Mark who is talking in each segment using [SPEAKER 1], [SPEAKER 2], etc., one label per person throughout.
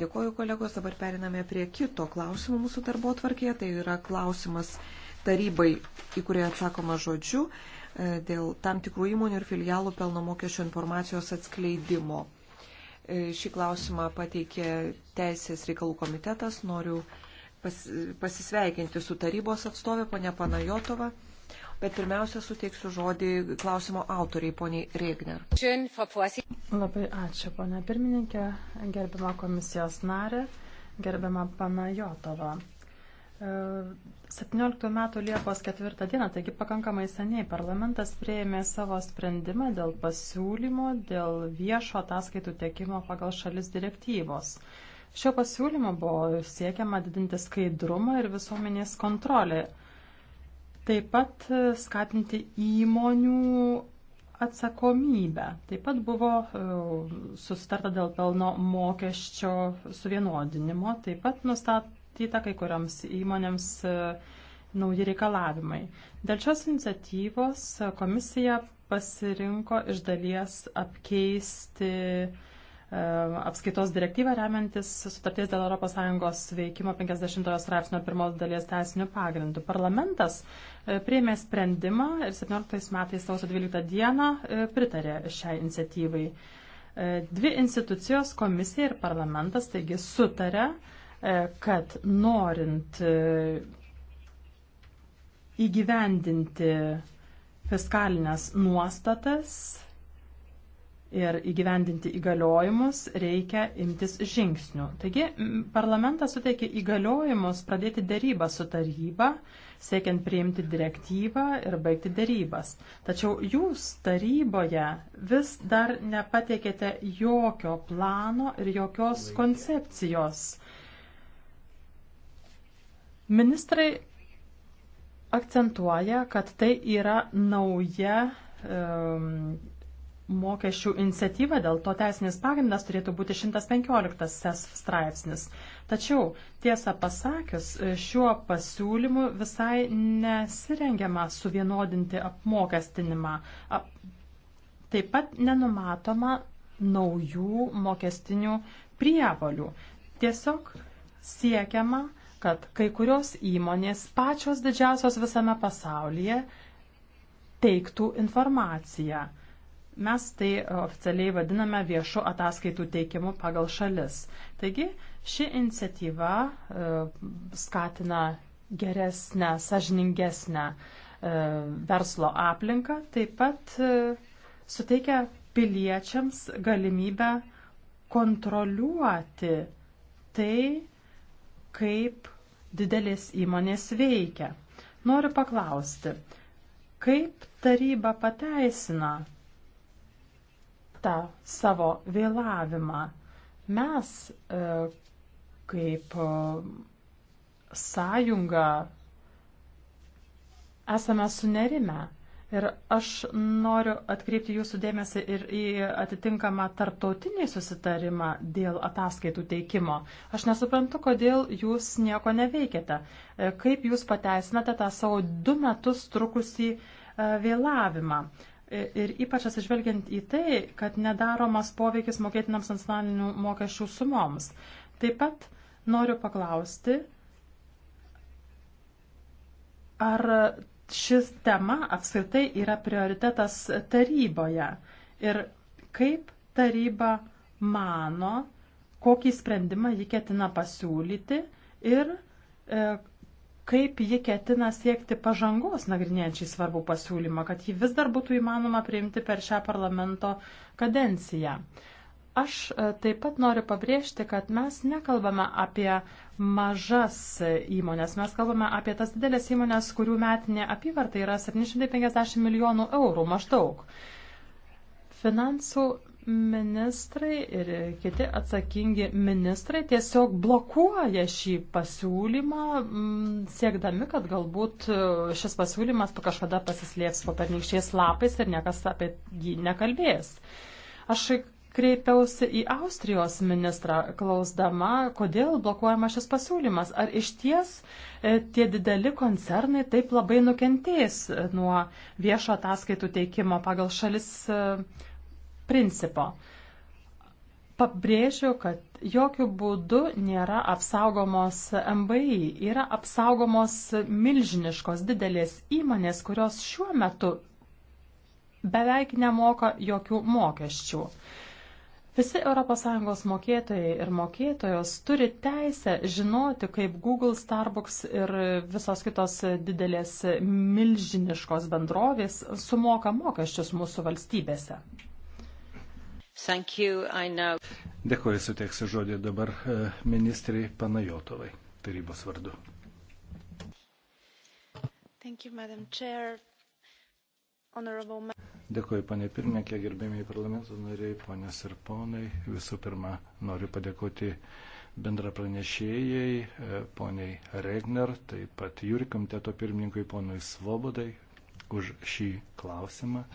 [SPEAKER 1] Dėkuoju kolegos, dabar periname prie kito klausimo mūsų darbo tvarkėje. Tai yra klausimas tarybai, į kurį atsakoma žodžiu, e, dėl tam tikrų įmonių ir filialų pelno mokesčio informacijos atskleidimo. E, šį klausimą pateikė Teisės reikalų komitetas. Noriu pas, e, pasisveikinti su tarybos atstovė, ponia Panajotova bet pirmiausia suteiksiu žodį klausimo autoriai, poniai
[SPEAKER 2] Regner. Labai ačiū, ponia pirmininkė, gerbima komisijos narė, gerbima Panajotova. 17 e, metų Liepos 4 dieną, taigi pakankamai seniai, parlamentas prieėmė savo sprendimą dėl pasiūlymo, dėl viešo ataskaitų tiekimo pagal šalis direktyvos. Šio pasiūlymo buvo siekiama didinti skaidrumą ir visuomenės kontrolę Taip pat skatinti įmonių atsakomybę. Taip pat buvo e, susitarta dėl pelno mokesčio suvienodinimo, taip pat nustatyta kai kuriams įmonėms e, nauji reikalavimai. Dėl šios iniciatyvos e, komisija pasirinko iš dalies apkeisti uh, E, apskaitos direktyvą remiantis sutarties dėl ES veikimo 50 straipsnio pirmos dalies teisinių pagrindų. Parlamentas e, prieimė sprendimą ir 17 metais sausio 12 dieną e, pritarė šiai iniciatyvai. Dvi institucijos, komisija ir parlamentas, taigi sutarė, kad norint įgyvendinti fiskalinės nuostatas ir įgyvendinti įgaliojimus, reikia imtis žingsnių. Taigi parlamentas suteikė įgaliojimus pradėti dėrybą su taryba, siekiant priimti direktyvą ir baigti dėrybas. Tačiau jūs taryboje vis dar nepateikėte jokio plano ir jokios koncepcijos. Ministrai akcentuoja, kad tai yra nauja um, mokesčių iniciatyvą, dėl to teisinis pagrindas turėtų būti 115 ses straipsnis. Tačiau, tiesą pasakius, šiuo pasiūlymu visai nesirengiama suvienodinti apmokestinimą. Ap... Taip pat nenumatoma naujų mokestinių prievalių. Tiesiog siekiama, kad kai kurios įmonės pačios didžiausios visame pasaulyje teiktų informaciją. Mes tai e, oficialiai vadiname viešu ataskaitų teikimu pagal šalis. Taigi ši iniciatyva e, skatina geresnę, sažiningesnę e, verslo aplinką, taip pat suteikia piliečiams galimybę kontroliuoti tai, kaip didelės įmonės veikia. Noriu paklausti, kaip taryba pateisina tą savo vėlavimą. Mes e, kaip e, sąjunga esame sunerime. Ir aš noriu atkreipti jūsų dėmesį ir į atitinkamą tarptautinį susitarimą dėl ataskaitų teikimo. Aš nesuprantu, kodėl jūs nieko neveikiate. E, kaip jūs pateisinate tą savo du metus trukusį vėlavimą? Ir ypač atsižvelgiant į tai, kad nedaromas poveikis mokėtinams nacionalinių mokesčių sumoms. Taip pat noriu paklausti, ar šis tema apskritai yra prioritetas taryboje ir kaip taryba mano, kokį sprendimą jį ketina pasiūlyti ir e, kaip ji ketina siekti pažangos nagrinėjančiai svarbų pasiūlymą, kad jį vis dar būtų įmanoma priimti per šią parlamento kadenciją. Aš e, taip pat noriu pabrėžti, kad mes nekalbame apie mažas įmonės, mes kalbame apie tas didelės įmonės, kurių metinė apyvarta yra 750 milijonų eurų maždaug. Finansų ministrai ir kiti atsakingi ministrai tiesiog blokuoja šį pasiūlymą, mm, siekdami, kad galbūt e, šis pasiūlymas kažkada pasislėps po pernykščiais lapais ir niekas apie jį nekalbės. Aš kreipiausi į Austrijos ministrą, klausdama, kodėl blokuojama šis pasiūlymas. Ar iš ties e, tie dideli koncernai taip labai nukentės e, nuo viešo ataskaitų teikimo pagal šalis principo. Pabrėžiu, kad jokių būdų nėra apsaugomos MBI, yra apsaugomos milžiniškos didelės įmonės, kurios šiuo metu beveik nemoka jokių mokesčių. Visi ES mokėtojai ir mokėtojos turi teisę žinoti, kaip Google, Starbucks ir visos kitos didelės milžiniškos bendrovės sumoka mokesčius mūsų valstybėse.
[SPEAKER 1] Now...
[SPEAKER 3] Dėkuoju, suteiksiu žodį dabar e, ministrai Panajotovai tarybos vardu.
[SPEAKER 2] Thank you, Madam Chair. Honorable...
[SPEAKER 3] Dėkuoju, panė pirmininkė, gerbėmiai parlamento nariai, ponės ir ponai. Visų pirma, noriu padėkoti bendra pranešėjai, e, poniai Regner, taip pat Jūri komiteto pirmininkui, ponui Svobodai, už šį klausimą.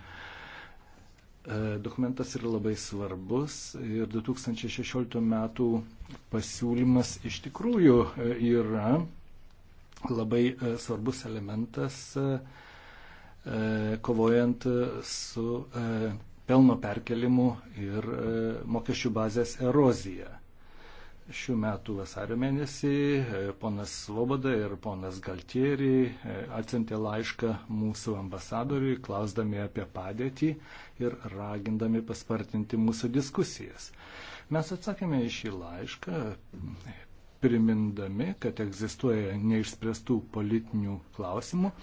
[SPEAKER 3] E, dokumentas yra labai svarbus ir 2016 metų pasiūlymas iš tikrųjų e, yra labai e, svarbus elementas kovojant su pelno perkelimu ir mokesčių bazės erozija šių metų vasario mėnesį e, ponas Svoboda ir ponas Galtieri e, atsintė laišką mūsų ambasadoriui, klausdami apie padėtį ir ragindami paspartinti mūsų diskusijas. Mes atsakėme į šį laišką, primindami, kad egzistuoja neišspręstų politinių klausimų,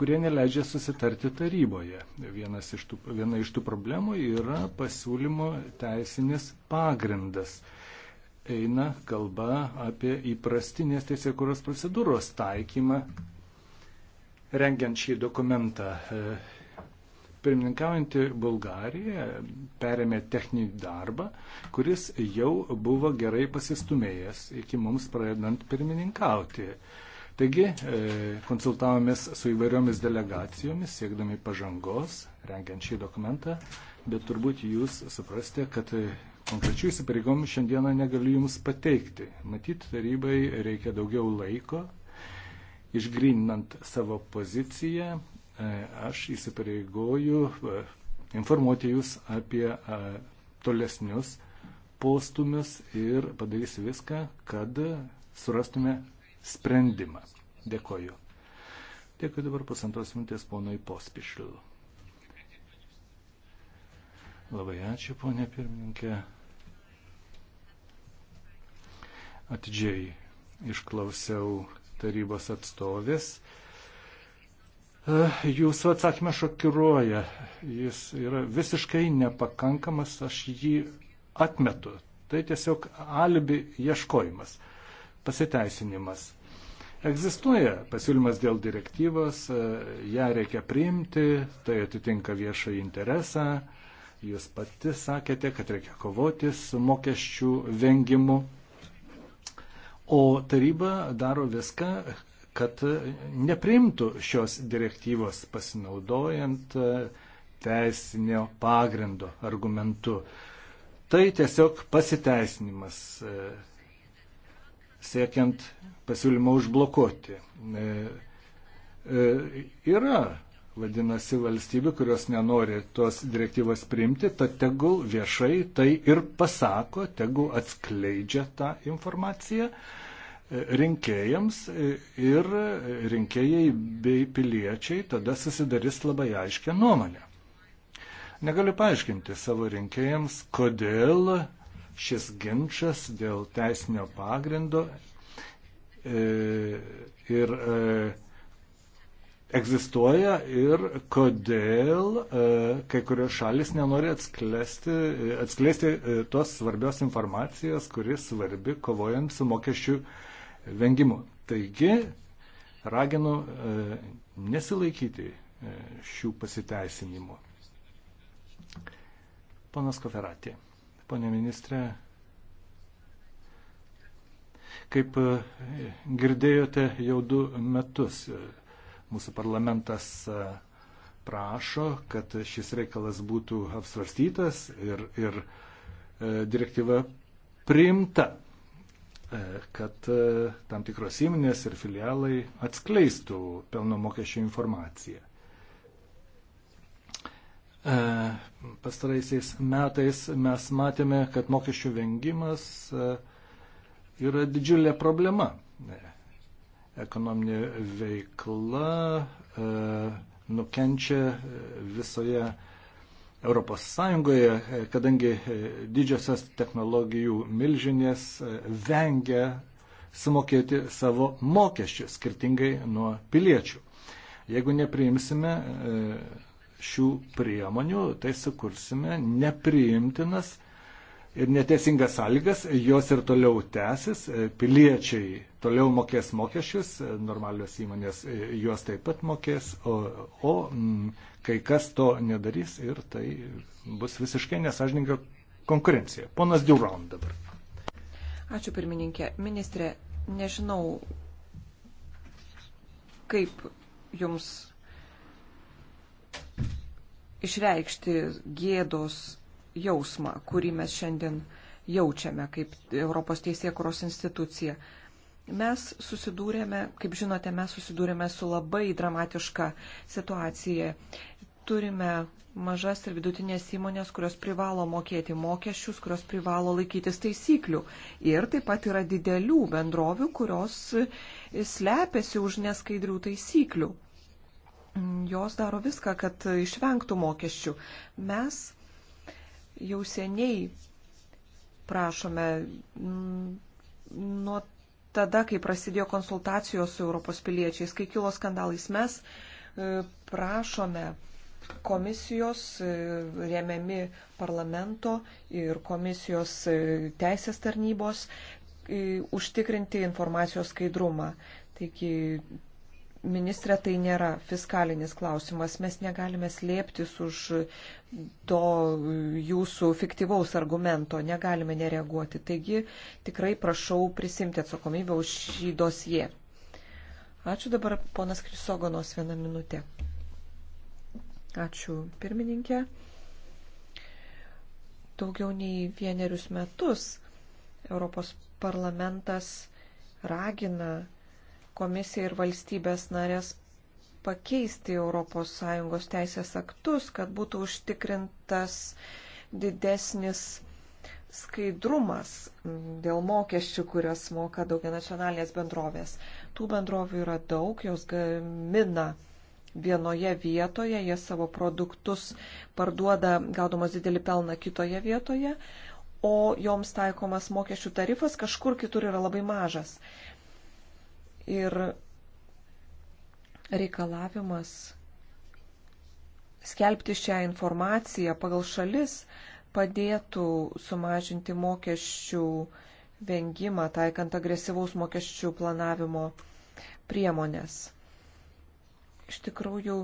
[SPEAKER 3] kurie neleidžia susitarti taryboje. Iš tų, viena iš tų problemų yra pasiūlymo teisinis pagrindas – eina kalba apie įprastinės teisėkuros procedūros taikymą, rengiant šį dokumentą. E, Pirmininkaujantį Bulgariją perėmė techninį darbą, kuris jau buvo gerai pasistumėjęs iki mums pradedant pirmininkauti. Taigi e, konsultavomės su įvairiomis delegacijomis, siekdami pažangos, rengiant šį dokumentą, bet turbūt jūs suprastė, kad Konkrečių įsipareigomų šiandieną negaliu Jums pateikti. Matyt, tarybai reikia daugiau laiko, išgrininant savo poziciją. E, aš įsipareigoju e, informuoti Jūs apie e, tolesnius postumius ir padarys viską, kad surastume sprendimą. Dėkoju. Dėkui dabar pusantros minutės ponui Pospišliu. Labai ačiū, ponė pirmininkė. atidžiai išklausiau tarybos atstovės. E, jūsų atsakymas šokiruoja. Jis yra visiškai nepakankamas, aš jį atmetu. Tai tiesiog alibi ieškojimas, pasiteisinimas. Egzistuoja pasiūlymas dėl direktyvos, e, ją reikia priimti, tai atitinka viešą interesą. Jūs pati sakėte, kad reikia kovoti su mokesčių vengimu. O taryba daro viską, kad neprimtų šios direktyvos pasinaudojant e, teisinio pagrindo argumentu. Tai tiesiog pasiteisinimas e, siekiant pasiūlymą užblokuoti. E, yra Vadinasi, valstybių, kurios nenori tos direktyvos priimti, tad tegul viešai tai ir pasako, tegul atskleidžia tą informaciją e, rinkėjams e, ir rinkėjai bei piliečiai tada susidarys labai aiškę nuomonę. Negaliu paaiškinti savo rinkėjams, kodėl šis ginčas dėl teisinio pagrindo e, ir egzistuoja ir kodėl e, kai kurios šalis nenori atsklesti, atskleisti e, tos svarbios informacijos, kuris svarbi kovojant su mokesčių vengimu. Taigi, raginu e, nesilaikyti šių pasiteisinimų. Ponas Koferatė, ponė ministrė, kaip girdėjote jau du metus Mūsų parlamentas e, prašo, kad šis reikalas būtų apsvarstytas ir, ir e, direktyva priimta, e, kad tam tikros įmonės ir filialai atskleistų pelno mokesčio informaciją. Pastaraisiais metais mes matėme, kad mokesčių vengimas yra didžiulė problema ekonominė veikla e, nukenčia e, visoje Europos Sąjungoje, e, kadangi didžiosios technologijų milžinės vengia sumokėti savo mokesčių skirtingai nuo piliečių. Jeigu nepriimsime šių priemonių, tai sukursime nepriimtinas ir neteisingas sąlygas, jos ir toliau tęsis, e, piliečiai toliau mokės mokesčius, e, normalios įmonės e, juos taip pat mokės, o, o mm, kai kas to nedarys ir tai bus visiškai nesažininga konkurencija. Ponas Duron dabar.
[SPEAKER 1] Ačiū pirmininkė. Ministrė, nežinau, kaip jums išreikšti gėdos jausmą, kurį mes šiandien jaučiame kaip Europos teisėkuros institucija. Mes susidūrėme, kaip žinote, mes susidūrėme su labai dramatiška situacija. Turime mažas ir vidutinės įmonės, kurios privalo mokėti mokesčius, kurios privalo laikytis taisyklių. Ir taip pat yra didelių bendrovių, kurios slepiasi už neskaidrių taisyklių. Jos daro viską, kad išvengtų mokesčių. Mes jau seniai prašome mm, nuo tada, kai prasidėjo konsultacijos su Europos piliečiais, kai kilo skandalais, mes e, prašome komisijos e, remiami parlamento ir komisijos e, teisės tarnybos užtikrinti informacijos skaidrumą. Taigi ministrė, tai nėra fiskalinis klausimas. Mes negalime slėptis už to jūsų fiktyvaus argumento, negalime nereaguoti. Taigi tikrai prašau prisimti atsakomybę už šį dosiją. Ačiū dabar ponas Krisogonos vieną minutę. Ačiū pirmininkė. Daugiau nei vienerius metus Europos parlamentas ragina komisiją ir valstybės narės pakeisti ES teisės aktus, kad būtų užtikrintas didesnis skaidrumas dėl mokesčių, kurias moka daugia nacionalinės bendrovės. Tų bendrovių yra daug, jos gamina vienoje vietoje, jie savo produktus parduoda, gaudamas didelį pelną kitoje vietoje, o joms taikomas mokesčių tarifas kažkur kitur yra labai mažas. Ir reikalavimas skelbti šią informaciją pagal šalis padėtų sumažinti mokesčių vengimą, taikant agresyvaus mokesčių planavimo priemonės. Iš tikrųjų,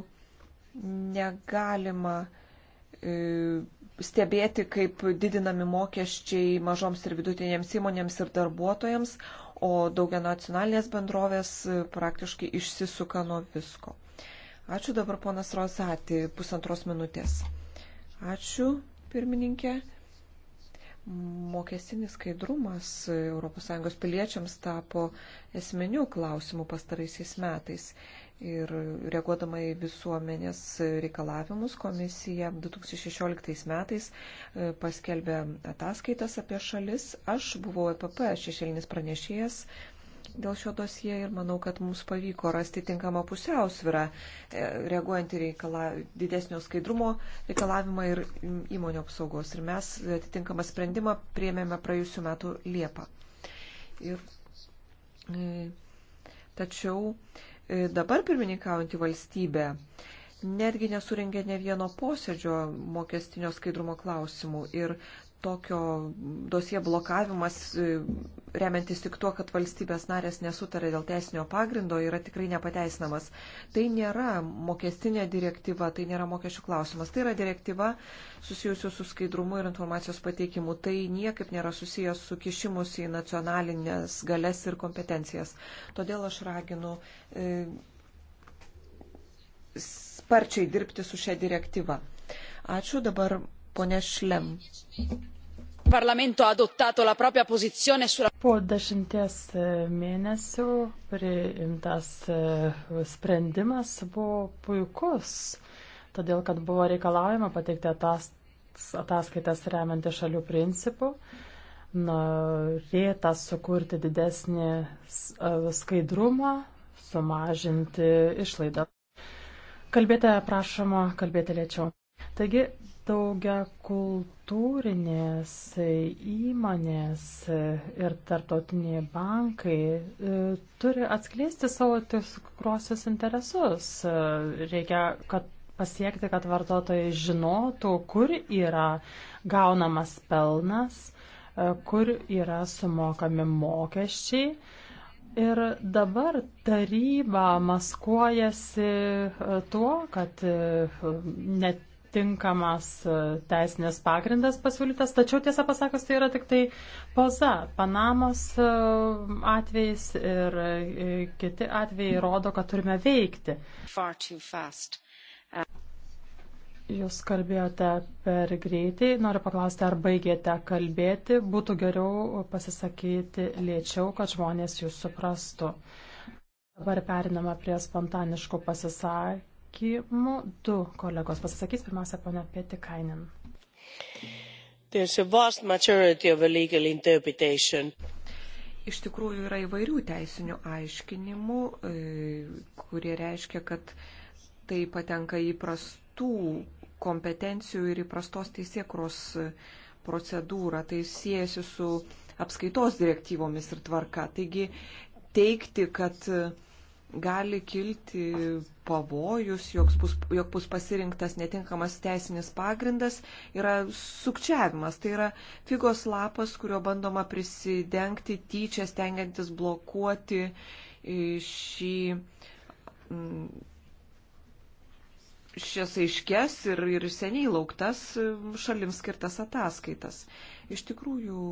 [SPEAKER 1] negalima e, stebėti, kaip didinami mokesčiai mažoms ir vidutinėms įmonėms ir darbuotojams, o daugia nacionalinės bendrovės praktiškai išsisuka nuo visko. Ačiū dabar ponas Rozatį, pusantros minutės. Ačiū, pirmininkė. Mokestinis skaidrumas ES piliečiams tapo esminiu klausimu pastaraisiais metais. Ir reaguodama į visuomenės reikalavimus, komisija 2016 metais e, paskelbė ataskaitas apie šalis. Aš buvau EPP šešėlinis pranešėjas dėl šio dosie ir manau, kad mums pavyko rasti tinkamą pusiausvirą, e, reaguojant į reikala, didesnio skaidrumo reikalavimą ir įmonių apsaugos. Ir mes atitinkamą sprendimą priemėme praėjusiu metu Liepą. Ir, e, tačiau e, dabar pirmininkaujantį valstybę netgi nesuringė ne vieno posėdžio mokestinio skaidrumo klausimų. Ir tokio dosie blokavimas, e, remiantis tik tuo, kad valstybės narės nesutarė dėl teisinio pagrindo, yra tikrai nepateisinamas. Tai nėra mokestinė direktyva, tai nėra mokesčių klausimas. Tai yra direktyva susijusiu su skaidrumu ir informacijos pateikimu. Tai niekaip nėra susijęs su kišimus į nacionalinės galės ir kompetencijas. Todėl aš raginu. E, sparčiai dirbti su šia direktyva. Ačiū dabar ponė
[SPEAKER 2] Šlem. Parlamento ha adottato la propria posizione sulla. Po dešimties mėnesių priimtas e, sprendimas buvo puikus, todėl kad buvo reikalaujama pateikti ataskaitas remiantį šalių principų norėta sukurti didesnį e, skaidrumą, sumažinti išlaidą. Kalbėtoja prašoma kalbėti lėčiau. Taigi daugia kultūrinės įmonės ir tartotiniai bankai e, turi atskleisti savo tikrosius interesus. E, reikia, kad pasiekti, kad vartotojai žinotų, kur yra gaunamas pelnas, e, kur yra sumokami mokesčiai. Ir dabar taryba maskuojasi tuo, kad net tinkamas e, teisinis pagrindas pasiūlytas, tačiau tiesą pasakus tai yra tik tai poza. Panamos e, atvejais ir e, kiti atvejai rodo, kad turime veikti. Uh, jūs kalbėjote per greitai, noriu paklausti, ar baigėte kalbėti, būtų geriau pasisakyti lėčiau, kad žmonės jūs suprastų. Dabar periname prie spontaniškų pasisakymų pasisakymų. Du kolegos pasisakys. Pirmiausia, ponia Pietikainen. Iš
[SPEAKER 1] tikrųjų yra įvairių teisinių aiškinimų, e, kurie reiškia, kad tai patenka įprastų kompetencijų ir įprastos teisėkros procedūrą. Tai siejasi su apskaitos direktyvomis ir tvarka. Taigi teikti, kad gali kilti pavojus, jog bus, jog bus pasirinktas netinkamas teisinis pagrindas, yra sukčiavimas. Tai yra figos lapas, kurio bandoma prisidengti tyčia, stengiantis blokuoti šį, mm, šias aiškes ir, ir seniai lauktas šalims skirtas ataskaitas. Iš tikrųjų,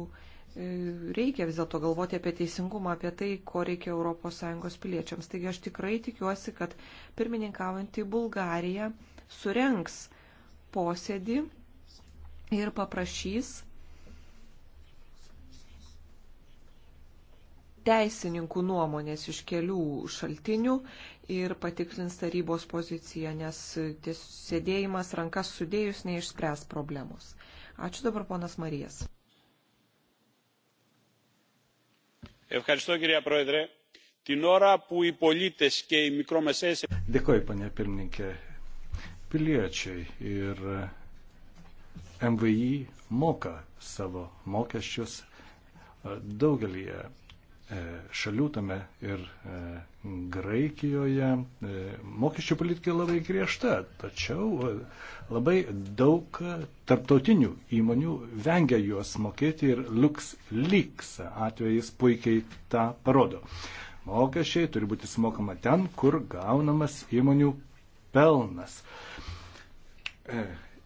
[SPEAKER 1] reikia vis dėlto galvoti apie teisingumą, apie tai, ko reikia ES piliečiams. Taigi aš tikrai tikiuosi, kad pirmininkaujantį Bulgariją surenks posėdį ir paprašys teisininkų nuomonės iš kelių šaltinių ir patikrins tarybos poziciją, nes sėdėjimas rankas sudėjus neišspręs problemos. Ačiū dabar ponas Marijas.
[SPEAKER 3] Kirė Proedrė. Την ώρα που οι πολίτες και οι μικρομεσαίες... Dėkoju, panė pirmininkė. Piliečiai ir eh, MVI moka savo mokesčius eh, daugelį E, šalių tame ir e, Graikijoje. E, mokesčių politika labai griežta, tačiau labai daug tarptautinių įmonių vengia juos mokėti ir LuxLeaks atvejais puikiai tą parodo. Mokesčiai turi būti sumokama ten, kur gaunamas įmonių pelnas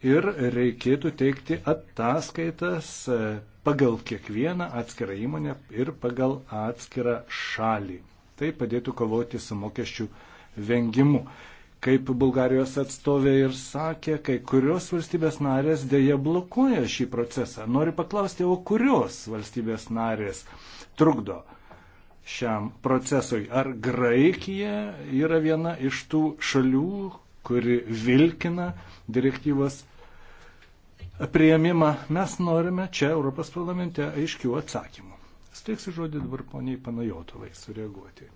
[SPEAKER 3] ir reikėtų teikti ataskaitas e, pagal kiekvieną atskirą įmonę ir pagal atskirą šalį. Tai padėtų kovoti su mokesčių vengimu. Kaip Bulgarijos atstovė ir sakė, kai kurios valstybės narės dėja blokuoja šį procesą. Noriu paklausti, o kurios valstybės narės trukdo šiam procesui? Ar Graikija yra viena iš tų šalių, kuri vilkina direktyvos prieimimą. Mes norime čia Europos parlamente aiškių atsakymų. Steiksiu žodį dabar poniai Panajotovai sureaguoti.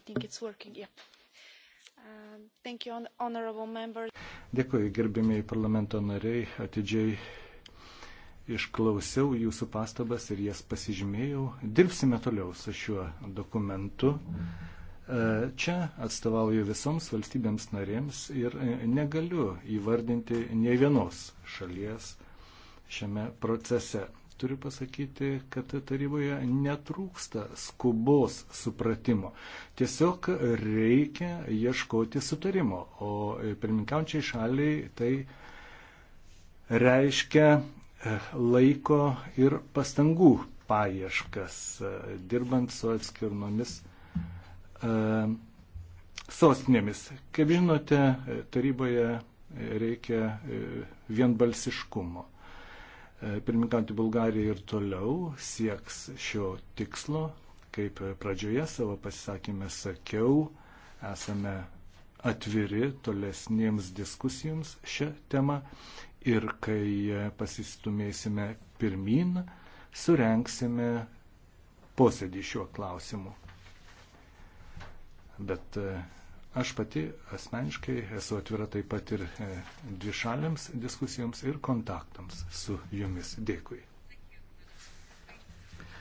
[SPEAKER 2] Yep. Uh, um,
[SPEAKER 3] Dėkui, gerbėmiai parlamento nariai, atidžiai išklausiau jūsų pastabas ir jas pasižymėjau. Dirbsime toliau su šiuo dokumentu. E, čia atstovauju visoms valstybėms narėms ir e, negaliu įvardinti nei vienos šalies šiame procese. Turiu pasakyti, kad taryboje netrūksta skubos supratimo. Tiesiog reikia ieškoti sutarimo, o pirminkaučiai šaliai tai reiškia E, laiko ir pastangų paieškas, e, dirbant su atskirnomis e, sostinėmis. Kaip žinote, taryboje reikia vienbalsiškumo. Pirmininkantį Bulgariją ir toliau sieks šio tikslo, kaip pradžioje savo pasisakymę sakiau, esame atviri tolesniems diskusijoms šią temą ir kai pasistumėsime pirmin, surenksime posėdį šiuo klausimu. Bet e, aš pati asmeniškai esu atvira taip pat ir e, dvišaliams diskusijoms ir kontaktams su jumis. Dėkui.